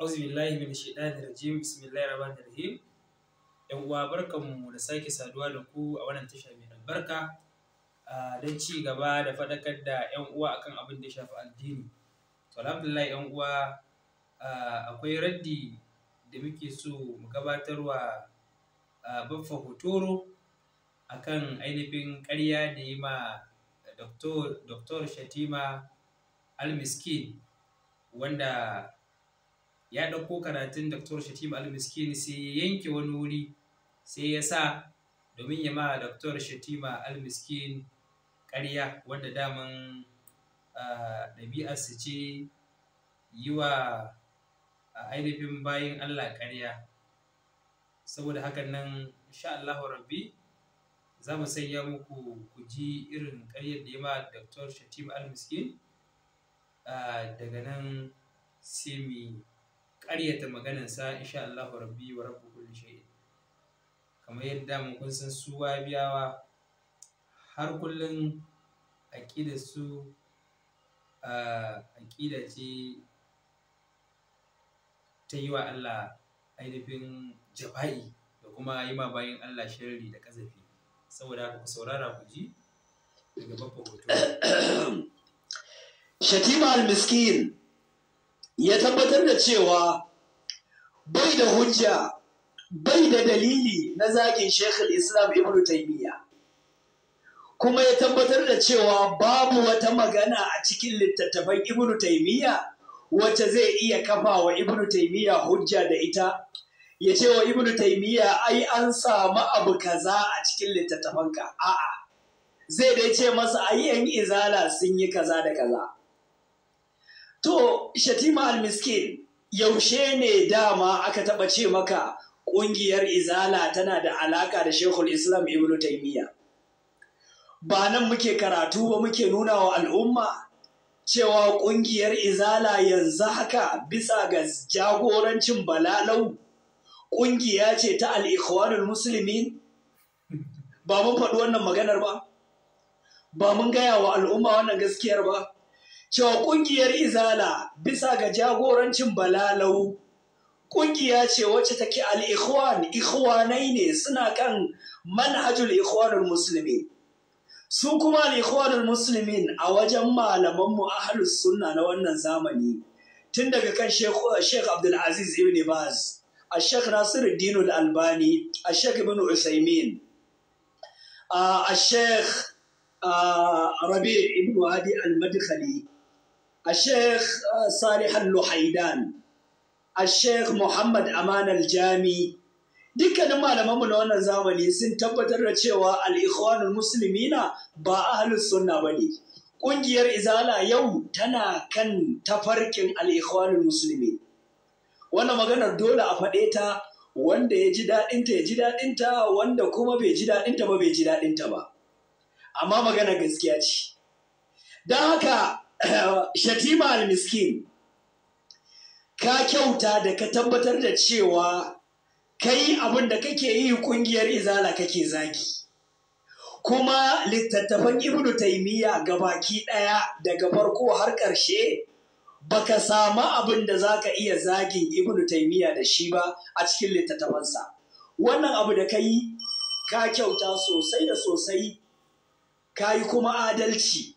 auzu billahi min shaitanir rajim bismillahir rahmanir rahim yan uwa barkanmu da sake saduwa da ku a wannan tasha mai albarka don ci gaba da faɗakar da yan uwa akan abin da ya shafi addini to alhamdulillah yan uwa akwai raddi da muke so mu gabatarwa baffa hotoro akan ainihin ƙarya da yi ma Dr. Shatima Al-Miskin wanda ya ɗauko karatun Dr. Shatima Al-Miskini sai ya yanke wani wuri sai ya sa domin ya ma Dr. Shatima al miskini ƙarya wanda daman ɗabi'arsa ce yi wa ainihin bayan Allah ƙarya saboda hakan nan insha rabbi za mu sanya muku ku ji irin ƙaryar da ya ma Dr. Shatima al miskini daga nan sai mu ƙaryata in insha Allahu rabbi wa rabbu kulli shay kamar yadda mun kun san su wabiyawa har kullun aqida su aqida ce ta yi wa Allah ainihin jaba'i da kuma yi ma bayan Allah sharri da kazafi saboda ku saurara ku ji daga babban hoto shatima al-miskin ya tabbatar da cewa bai da hujja bai da dalili na zagin shekul Islam Ibn taimiyya, Kuma ya tabbatar da cewa babu wata magana a cikin littattafan Ibn taimiyya? wacce zai iya kafa wa Ibn taimiyya hujja da ita. Ya ce wa Ibn taimiyya? ai an samu abu kaza a cikin littattafanka. A'a. Zai dai ce masa ai yan izala sun yi kaza da kaza. To, Shatima al-Miskin, yaushe ne dama aka taɓa ce maka ƙungiyar Izala tana da alaƙa da Shekul Islam Ibn Taymiyya. Ba nan muke karatu ba muke nuna wa al'umma cewa ƙungiyar Izala yanzu haka bisa ga jagorancin balalau ƙungiya ce ta al'ikhwanul musulmin ba mun faɗi wannan maganar ba, ba mun gaya wa al'umma wannan gaskiyar ba. cewa ƙungiyar izala bisa ga jagorancin balalau ƙungiya ce wacce take al-ikhwan ikhwanai ne suna kan manhajul ikhwanul musulmi su kuma al musulmi a wajen malaman mu ahlus sunna na wannan zamani tun daga kan Sheikh Abdul Aziz Ibn Baz Sheikh Nasiruddin da albani Sheikh Ibn Usaimin Sheikh Rabi' Ibn Wadi Al-Madkhali الشيخ صالح اللحيدان الشيخ محمد أمان الجامي dukkanin malamanmu na wannan zamani sun tabbatar da cewa al'ikhwanul musulmina ba ahlus sunna ba ne ƙungiyar izala yau tana kan tafarkin al'ikhwanul musulmi wannan maganar dole a faɗe ta wanda ya ji daɗinta ya ji daɗinta wanda kuma bai ji daɗinta ba bai ji daɗinta ba amma magana gaskiya ce don haka shatima al-miskin ka kyauta da ka tabbatar da cewa kai abin da kake yi kungiyar izala kake zagi kuma littattafan ibnu taimiyya baki ɗaya daga farko har ƙarshe baka samu abin da zaka iya zagin ibnu taimiyya da shi ba a cikin littattafansa wannan abu da ka yi ka kyauta sosai da sosai ka yi kuma adalci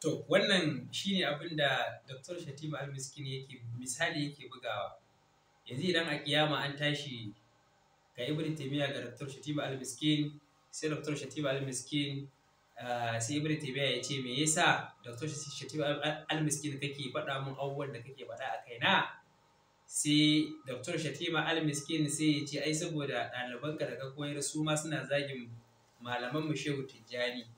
To, wannan shi ne abin da Dr. Shatima Almiskin yake misali yake bugawa. Yanzu idan a kiyama an tashi ga Ibrahim Taymiya ga Dr. Shatima Almiskin, sai Dr. Shatima Almiskin ah, sai Ibrahim Taymiya ya ce me yasa Dr. Shatima Almiskin kake faɗa mun abubuwan da kake faɗa a kaina? Sai Dr. Shatima Almiskin sai ya ce ai saboda ɗalibanka da ka koyar su ma suna zagin malaman mu Shehu Tijjani.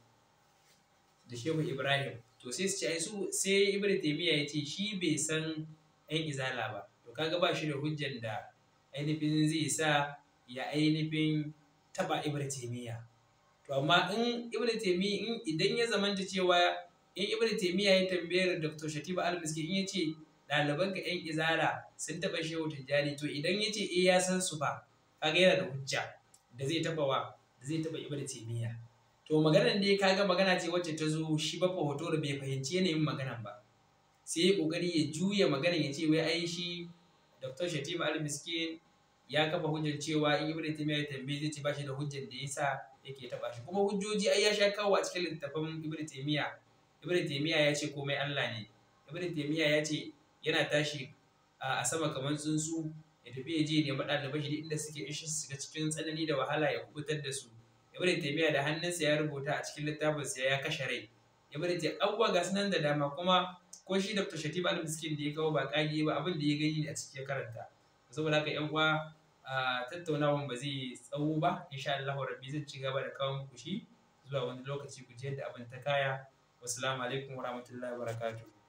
da shehu ibrahim to sai su ce su sai ibrahim taymiya ya ce shi bai san yan izala ba to kaga ba shi da hujjan da ainihin zai sa ya ainihin taba ibrahim taymiya to amma in ibn in idan ya zamanta cewa in ibrahim taymiya ya tambayar dr shatiba al in ya ce ɗaliban ka yan izala sun taba shehu tijjani to idan ya ce eh ya san su ba kaga yana da hujja da zai taba wa da zai taba ibn taymiya to maganar dai kaga magana ce wacce ta zo shi ba hoto da bai fahimci yanayin magana ba sai ya kokari ya juya magana ya ce wai ai shi dr shatima al-miskin ya kafa hujjar cewa in ibnu taymiya ya tambaye zai ce bashi da hujjar da yasa yake taba shi kuma hujjoji ai ya sha kawo a cikin littafin ibnu taymiya ibnu taymiya ya ce komai Allah ne ibnu taymiya ya ce yana tashi a sama kamar tsuntsu ya tafi ya je ya nemi ɗalibai shi inda suke ishin su cikin tsanani da wahala ya kubutar da su ibn taymiya da hannunsa ya rubuta a cikin littafinsa ya kashe rai ibn taymiya abubuwa ga sunan da dama kuma ko shi dr shatib al-miskin da ya kawo ba kage ba abin da ya gani a cikin karanta saboda haka yan uwa tattaunawan ba zai tsawo ba insha Allah rabbi zai ci gaba da kawo muku shi zuwa wani lokaci ku je da abin ta kaya wassalamu alaikum warahmatullahi wabarakatuh